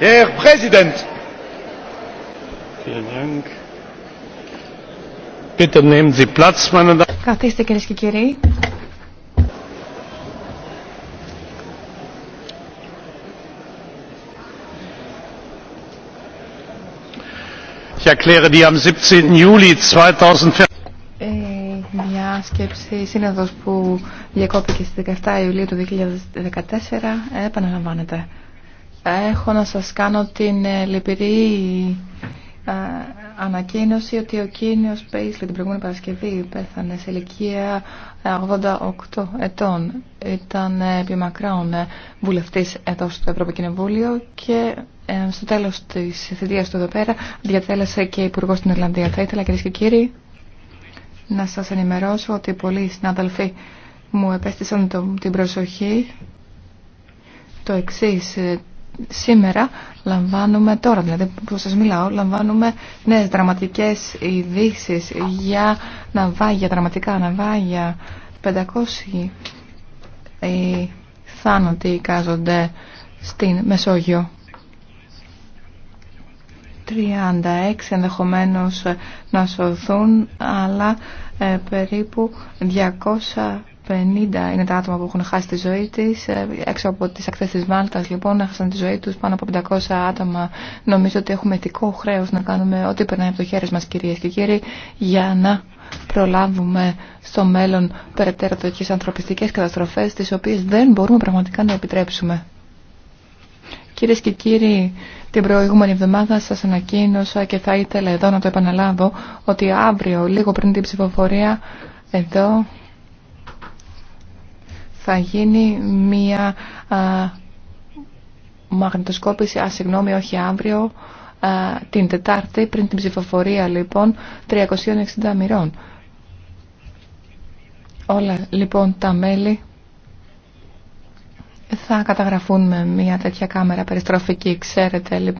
Herr Präsident! Dank. Bitte nehmen Sie Platz, meine Damen und Herren. Ich erkläre die am 17. Juli 2014 μια σκέψη σύνοδος που διακόπηκε στις 17 Ιουλίου του 2014 επαναλαμβάνεται έχω να σας κάνω την ε, λυπηρή ε, ανακοίνωση ότι ο Κίνιος Πέισλι την προηγούμενη Παρασκευή πέθανε σε ηλικία 88 ε, ετών. Ήταν επί μακράων βουλευτής εδώ στο Ευρωπαϊκό Κοινοβούλιο και στο τέλος της θητείας του εδώ πέρα διατέλεσε και υπουργό στην Ιρλανδία. Θα ήθελα κυρίες και κύριοι να σας ενημερώσω ότι πολλοί συνάδελφοι μου επέστησαν την προσοχή το εξής Σήμερα λαμβάνουμε, τώρα δηλαδή που σας μιλάω, λαμβάνουμε νέες δραματικές ειδήσει για ναυάγια, δραματικά ναυάγια. 500 οι ε, θάνατοι εικάζονται στην Μεσόγειο. 36 ενδεχομένως να σωθούν, αλλά ε, περίπου 200 είναι τα άτομα που έχουν χάσει τη ζωή τη, ε, Έξω από τι ακτέ τη μάλτα λοιπόν έχασαν τη ζωή του πάνω από 500 άτομα. Νομίζω ότι έχουμε ηθικό χρέο να κάνουμε ό,τι περνάει από το χέρι μα κυρίε και κύριοι για να προλάβουμε στο μέλλον περαιτέρω τέτοιε ανθρωπιστικέ καταστροφέ τι οποίε δεν μπορούμε πραγματικά να επιτρέψουμε. Κυρίε και κύριοι, την προηγούμενη εβδομάδα σα ανακοίνωσα και θα ήθελα εδώ να το επαναλάβω ότι αύριο, λίγο πριν την ψηφοφορία, εδώ θα γίνει μία μαγνητοσκόπηση, α, συγγνώμη, όχι αύριο, την Τετάρτη, πριν την ψηφοφορία, λοιπόν, 360 μοιρών. Όλα, λοιπόν, τα μέλη θα καταγραφούν με μια τέτοια κάμερα περιστροφική, ξέρετε, λοιπόν.